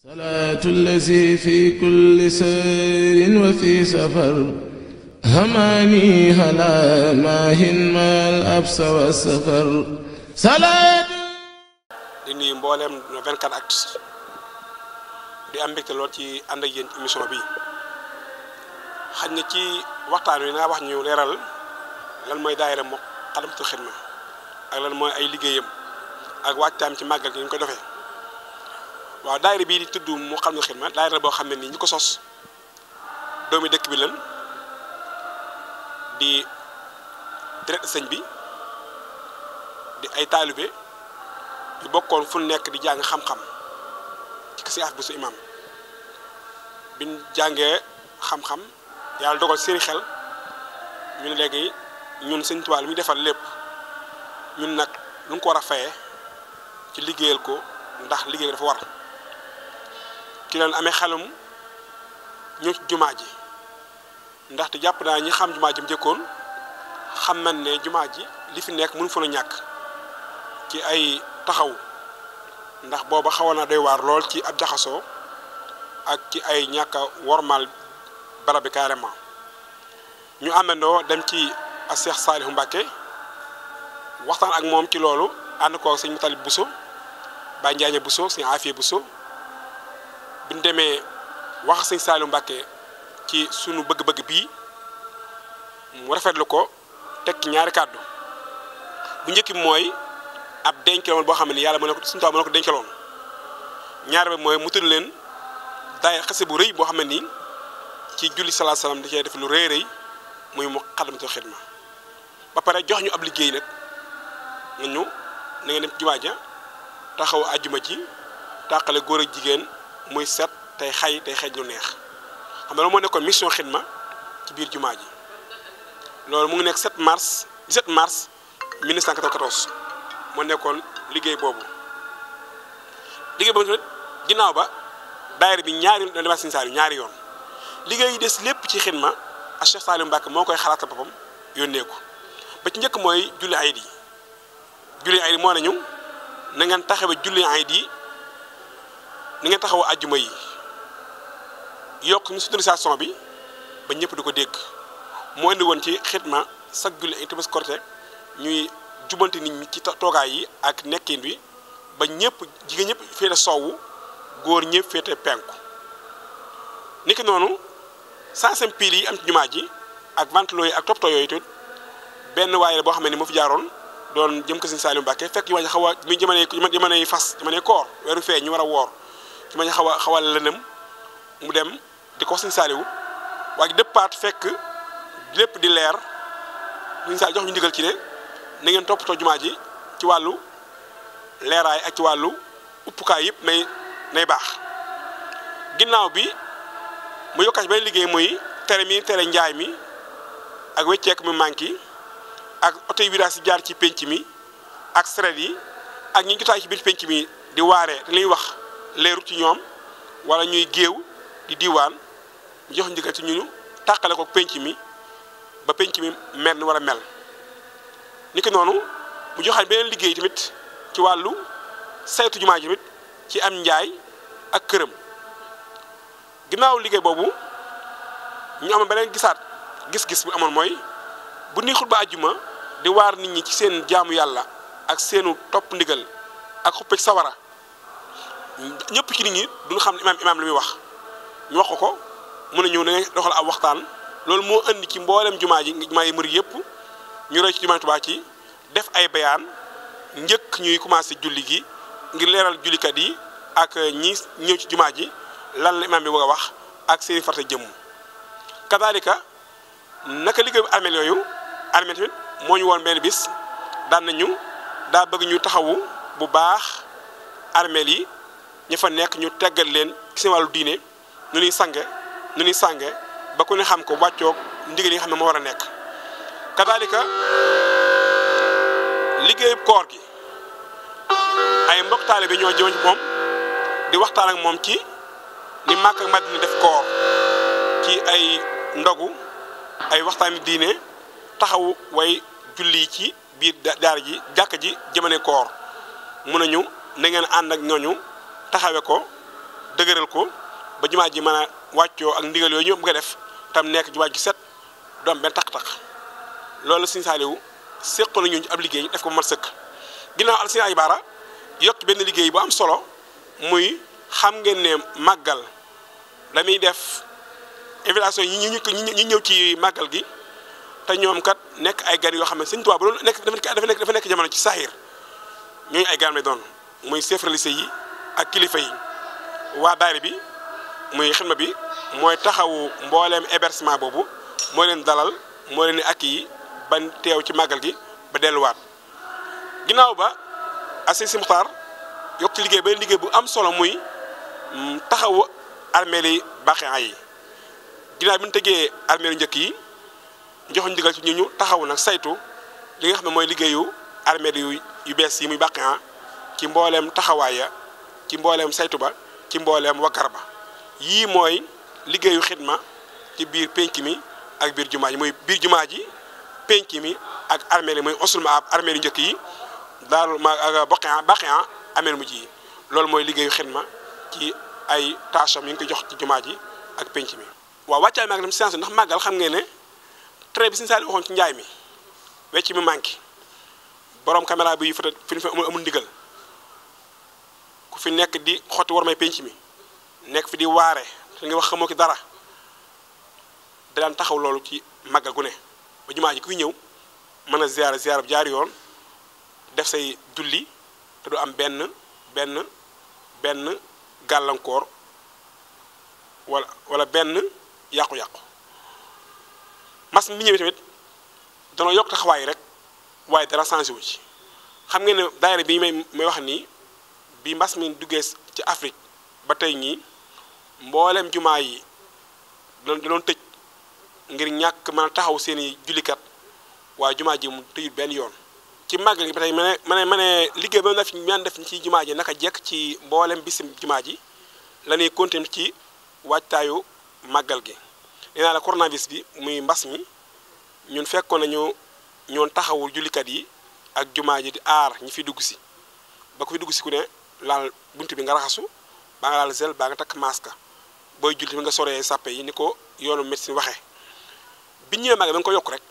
salaatu allazi fi kulli sayrin wa fi safar hamaani wa safar salaatu di am mbégte ci ànd ak yéen ci émission bi xaj na ci waxtaan wi naa wax ñu leeral lan mooy daayira Moukhaddamatoul Khidma ak lan mooy ay liggéeyam ak waajtaam ci màggal gi ñu ko defee waaw daayira bii di tudd mu xam ne xidma daayira boo xam ne nii ñu ko sos doomi dëkk bi lan di deret sëñ bi di ay taalibe di bokkoon fu nekk di jàng xam-xam ci kasi af bu su imam biñ jàngee xam-xam yàlla dogal seeni xel ñun léegi ñun sëñ Tuubaa lu muy defal lépp ñun nag lu ñu ko war a fayee ci liggéeyal ko ndax liggéey dafa war ci leen amee xelum ñu jumaa ji ndaxte jàpp naa ñi xam jumaa ji mu njëkkoon xam nañ ne jumaa ji li fi nekk mënu fa la ñàkk ci ay taxaw ndax booba xawoon na doy waar lool ci ab jaxasoo ak ci ay ñàkk a wormaal barab bi carrément ñu amandoo dem ci a Seex Saalihu Mbàkke waxtaan ak moom ci loolu ànd koo sëñ Mutalib Buso Baay Njaaña Buso sëñ Afiya Buso biñ demee wax sëñ Saliou Mbacké ci suñu bëgg-bëgg bii mu rafetlu ko teg ñaari kàddu bu njëkk bi mooy ab denceloon boo xam ne yàlla mën na ko suñu taw mën na ko denceloon ñaar ba mooy mu tudd leen daay xase bu rëy boo xam ne nii ci julli salaa salaam da cee def lu rëy rëy muy mu xadamatul xidma ba pare jox ñu ab liggéey nag nga ñu na ngeen dem jumaa ja taxaw àjjuma ci tàqale góor ak jigéen. muy set tey xay tey xeej lu neex xam nga loolu moo nekkoon mission xidma ci biir jumaa ji loolu mu ngi nekk 7 mars 17 mars 1994 moo nekkoon liggéey boobu liggéey boobu tamit ginnaaw ba daayira bi ñaari demaat Sëñ Saaliw ñaari yoon liggéey yi des lépp ci xidma ak Cheikh Saaliw Mbàkke moo koy xalaatal boppam yónnee ko ba ci njëkk mooy julli ayit yi julli ayit yi moo nañu na ngeen taxe ba julli ayit ni ngeen taxaw àjjuma yi yokk ñu sonorisation bi ba ñëpp du ko dégg moo indi woon ci xitma chaque julli ay timis ñuy jubante nit ñi ci toogaay yi ak nekkiin bi ba ñëpp jigéen ñëpp féete sowwu góor ñëpp féete penku niki noonu sansem piil yi am ci jumaa ji ak ventilo yi ak toppatoo yooyu tut benn waaye boo xam ne ni moo fi jaaroon doon jëm ko Sëriñ Saliou Mbacke fekk jumaa ji xaw a mi jamonoy jamonoy fas jamonoy koor weeru fee ñu war a woor ci ma ñu xaw a xaw a mu dem di ko sëñ Saaliwu waaye dëppaat fekk lépp di leer sëñ Saaliw jox ñu ndigal ci ne na ngeen toppatoo jumaa ji ci wàllu leeraay ak ci wàllu uppukaay yëpp may nay baax ginnaaw bi mu yokkaat bay liggéey muy tere mi tere njaay mi ak wecceek mu manqué ak oto yi wiraas jaar ci pénc mi ak seret yi ak ñi jotaay ci biir pénc mi di waare te liy wax leerut ci ñoom wala ñuy géew di diwaan ñu jox ndigal ci ñu tàqale ko pénc mi ba penc mi mel ni war a mel ni ki noonu mu joxaat beneen liggéey tamit ci wàllu saytu jumaa ji tamit ci am njaay ak këram ginnaaw liggéey boobu ñu amoon beneen gisaat gis-gis bu amoon mooy bu ni xutba ajjuma di waar nit ñi ci seen jaamu yàlla ak seenu topp ndigal ak xuppe sawara ñëpp ci nit du duñ xam ne imaam imaam li muy wax ñu wax ko ko mën na ñëw na doxal aw waxtaan loolu moo indi ci mbooleem jumaa ji jumaa yi murid yëpp ñu roy ci jumaa Tuubaa ci def ay bayaan njëkk ñuy commencé julli gi ngir leeral jullikat yi ak ñi ñëw ci jumaa ji lan la imaam bi bëgg a wax ak seeni farta jëmm kadaalika naka liggéey bu armeel yooyu armeel tamit moo ñu woon benn bis daan nañu daa bëgg ñu taxawu bu baax armeel yi ñi fa nekk ñu teggal leen ci seen wàllu diine nu ñuy sange nu ñuy sange ba ku ne xam ko wàccoog ndigal yi nga xam ne moo war a nekk kadaalika liggéeyub koor gi ay mbokk taalibe ñoo jëm ci moom di waxtaan ak moom ci ni Makka ak Madina def koor ci ay ndogu ay waxtaani diine taxawu way julli ci biir daara ji jàkk ji jëmane koor mun nañu na ngeen ànd ak ñooñu taxawe ko dëgëral ko ba jumaa ji mën a wàccoo ak ndigal yooyu ñëpp nga def tam nekk jumaa ji set du am benn taq-taq loolu Sëriñ Saaliwu séqoon nañu ab liggéey def ko mat sëkk ginnaaw al Sëriñ ay baara yokk benn liggéey bu am solo muy xam ngeen ne màggal damuy def invitation yi ñu ñi ñëw ci màggal gi te ñoom kat nekk ay gan yoo xam ne Sëriñ Tuubaa bu doon nekk dafa nekk dafa nekk jamono ci saahir ñooñu ay gan lay doon muy chef religieux yi ak kilifa yi waa daayira bi muy xidma bi mooy taxawu mbooleem hébergement boobu moo leen dalal moo leen ak yi ban teew ci màggal gi ba delluwaat ginnaaw ba asi simxtaar yokk ci liggéey ba liggéey bu am solo muy mm, taxawu armeel yi yi ginnaaw bi ñu tëggee armeel njëkk yi jox ñu digal ci ñu ñu taxaw nag saytu li nga xam ne mooy liggéeyu armeel yu yu bees yi muy baaxee ci mbooleem taxawaaya ci mbooleem saytu ba ci mbooleem wakkar ba yii mooy liggéeyu xidma ci biir penc mi ak biir jumaa ji mooy biir jumaa ji penc mi ak armeel yi muy osul njëkk yi daaru ma ak euh, baqia baqia mu ji loolu mooy liggéeyu xidma ci ay tâche yi ngi koy jox ci jumaa ji ak penc mi waaw wàccaay maag dem séance ndax màggal xam ngeen ne trait bi suñu ci njaay mi wecc mi manqué borom caméra bi yu foto fi mu amul ndigal fi nekk di xotti war may penc mi nekk fi di waare te nga wax xamoo ki dara da taxaw loolu ci màggal gu ba jumaa ji kuy ñëw mën a ziyaara ziyaara bu jaar yoon def say julli te du am benn benn benn gàllankoor wala wala benn yàqu-yàqu mas mi ñëwee tamit danoo yokk taxawaay rek waaye dara changé wu ci xam ngeen ne daayira bi may may wax nii bi mbas mi duggee ci Afrique ba tey ñii mboolem jumaa yi di doon tëj ngir ñàkk mën a taxaw seen i jullikat waaye jumaa ji mu tëjul benn yoon. ci màggal gi ba tey ma ne ma ne liggéey ba ñu daan def ci jumaa ji naka jekk ci mboolem bisim jumaa ji la ñuy ci waajtaayu màggal gi. nee naa la coronavirus bi muy mbas mi ñun fekkoon nañu ñoon taxawul jullikat yi ak jumaa ji di aar ñi fi dugg si ba ku fi dugg si ku ne. laal bunt bi nga raxasu baa nga laal gel takk masque booy julli bi nga soree sàppe yi ni ko yoonu médecine waxee bi ñëwee màgg ba ko yokk rek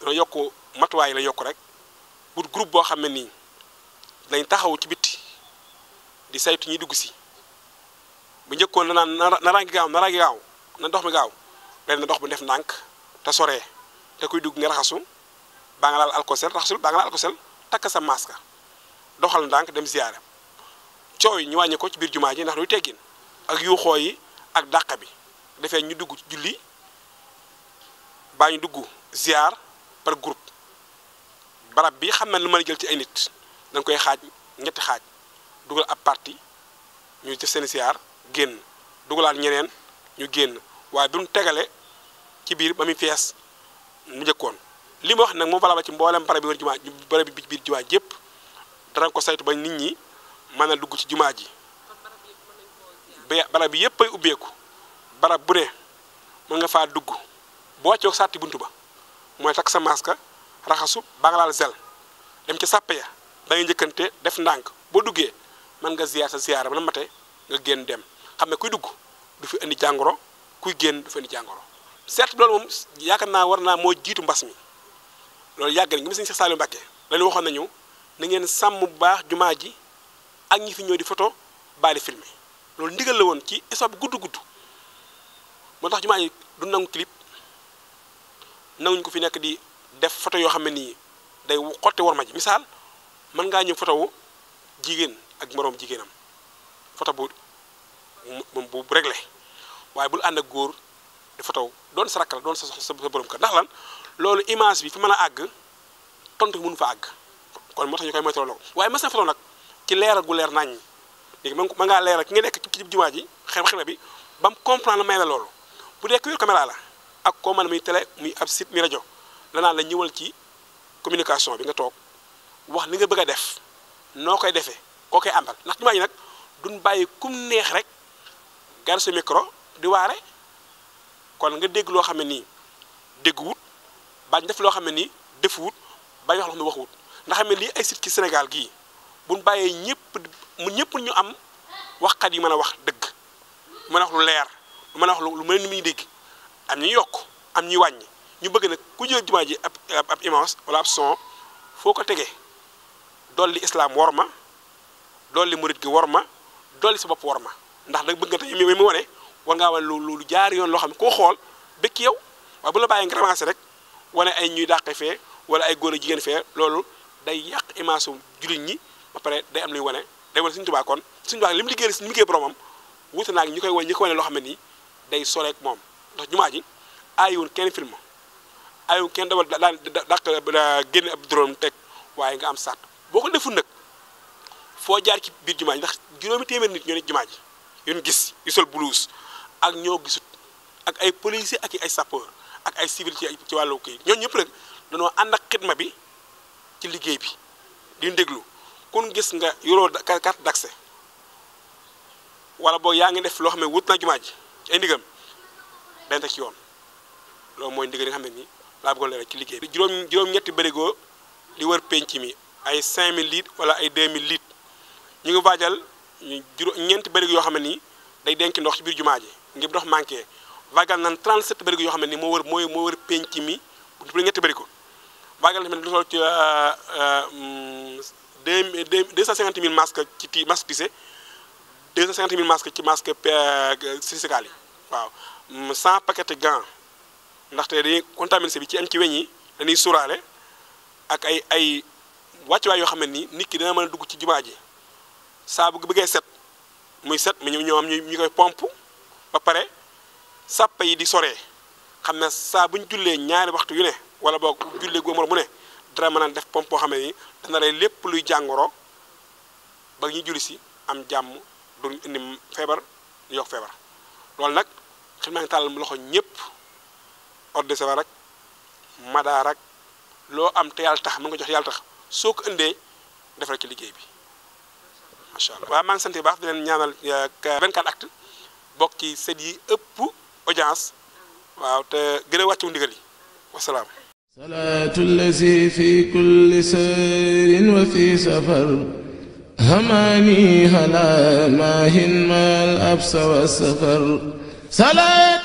dana yokk matuwaay la yokk rek pour groupe boo xam ne nii dañ taxaw ci bitti di saytu ñuy dugg si bu njëkkoon na naan na rangi gaaw na rangi mi gaaw ren na dox bi def ndànk te soree te kuy dugg nga raxasu baa nga laal alcosel raxasul baa nga sa maska doxal ndànk dem ziyaare coow yi ñu wàññi ko ci biir jumaa ji ndax luy teggin ak yuuxoo yi ak dàq bi defee ñu dugg ci julli baa ñu dugg ziar par group barab bi xam na lu mën jël ci ay nit dañ koy xaaj ñetti xaaj dugal ab parti ñu def seen ziar génn dugalaat ñeneen ñu génn waaye duñ tegale ci biir ba muy fees mu njëkkoon li ma wax nag moom valable ci mboolem barab bi wër jumaa barab bi biir jumaa jépp dara ko saytu ba nit ñi mën a dugg ci jumaa ji ba barab bi yëpp ay ubbeeku barab bu ne mën nga faa dugg boo coog sàtti bunt ba mooy takk sa masque raxasu ba nga laal zel dem ci sàppe ya da njëkkante def ndànk boo duggee mën nga ziyaar sa ziyaara ba na mate nga génn dem xam ne kuy dugg du fi indi jàngoro kuy génn du fi indi jàngoro seet loolu moom yaakaar naa war naa moo jiitu mbas mi loolu yàgg na ngi mi sëñ Saliou Mbacké lañu waxoon nañu na ngeen sàmm bu baax jumaa ji ak ñi fi ñëw di photo bàyyi filmé loolu ndigal la woon ci histoire bu gudd gudd moo tax jumaa ji du nangu clip nanguñ ko fi nekk di def foto yoo xam ne nii day xotte war ma ji misaal man ngaa ñëw photo jigéen ak moroom jigéenam photo bu moom bu réglé waaye bul ànd ak góor di photo doon sa rakk la doon sa sa borom ka ndax lan loolu image bi fi mën a àgg tontu mënu fa àgg kon moo tax ñu koy moytaloo waaye mas na photo nag ci leeral gu leer nañ léegi man ma ngaa leeral ki nga nekk ci jumaa ji xew xew bi bam mu comprendre may la loolu bu dee ku yor caméra la ak koo mën muy télé muy ab site muy rajo danaa la ñëwal ci communication bi nga toog wax li nga bëgg a def noo koy defee koo koy àmbal ndax jumaa ji nag duñ bàyyi kum neex rek gar micro di waare kon nga dégg loo xam ne nii dégguwut bañ def loo xam ne nii defuwut bañ wax loo xam ne waxuwut ndax xam ne lii ay site ci Sénégal gii buñ bàyyee ñëpp mu ñëpp ñu am waxkat yi mën a wax dëgg mën a wax lu leer lu mën a wax lu mel ni muy dégg am ñuy yokk am ñuy wàññi ñu bëgg nag ku jël jumaa ji ab ab image wala ab son foo ko tegee dolli islaam war ma dolli murit gi war ma dolli sa bopp war ma ndax nag bëgg nga tey mi mu wane war ngaa wane lu lu jaar yoon loo xam ne koo xool bëkk yow waaye bu la bàyyee nga ramassé rek wane ay ñuy dàqe fee wala ay góor a jigéen loolu day yàq image ñi ba pare day am luy wane day wane Sëriñ Tuubaa kon Sëriñ Tuubaa li mu liggéey li mu liggéey boromam wuute naa ñi koy wane ñi koy wane loo xam ne nii day soreek moom ndax jumaa ji aayuwul kenn film aayuwul kenn dawal daan dàq génne ab drone teg waaye nga am sat boo ko deful nag foo jaar ci biir jumaa ji ndax juróomi téeméer nit ñoo ne jumaa ji yun gis yu sol blouse ak ñoo gisut ak ay policier ak ay sapeur ak ay civil ci ci wàllu kii ñooñu ñëpp nag dañoo ànd ak xidma bi ci liggéey bi di déglu kun gis nga yoroo carte d'accès walla boog yaa ngi def loo xam ne wut na jumaa ji ci ay ndigam dañ teg ci yoon loolu mooy ndigal yi nga xam ne ni laa bëggoon leeral ci liggéey bi. juróom juróom-ñetti bërigoo li wër penc mi ay 5000 litres wala ay 2000 litres ñu ngi waajal ñu juróom ñeenti bërigo yoo xam ne nii day denc ndox ci biir jumaa ji ngir ndox manqué waagal nan 37 bërigo yoo xam ne ni moo wër mooy moo wër penc mi bu ñetti bërigo waagal tamit lu toll ci. Euh, euh, deux deux cent cinquante mille masques ci ti masque tissé deux cent cinquante mille masques ci masque chirurgical euh, yi waaw cent paquet gants ndaxte dañuy contaminés bi ci am ci weñ yi dañuy sóoraale ak ay ay wàccuwaay yoo xam ne ni nit ki dana mën a dugg ci jumaa ji saa bu bëggee set muy set mais ñoo am ñu koy pomp ba pare sàppa yi di soree xam ne saa bu ñu jullee ñaari waxtu yu ne wala boog jullee gu moroom mu ne dara mën a def pompe boo xam ne nii dana rey lépp luy jàngoro ba ñu julli si am jàmm duñ indi feebar ñu yokk feebar loolu nag xel maa ngi mu loxo ñëpp ordre de savar rek madaar ak loo am te yàlla tax mën nga jox yàlla tax soo ko indee defal ci liggéey bi macha allah. waaw maa ngi sant baax di leen ñaanal 24 euh, euh, actu ci sët yi ëpp audience waaw te gën wàccu ndigal yi wasalaam. salaatu allazi fi kulli sayrin wa fi safar hamaani halaa maahin maal absa wa safar salaat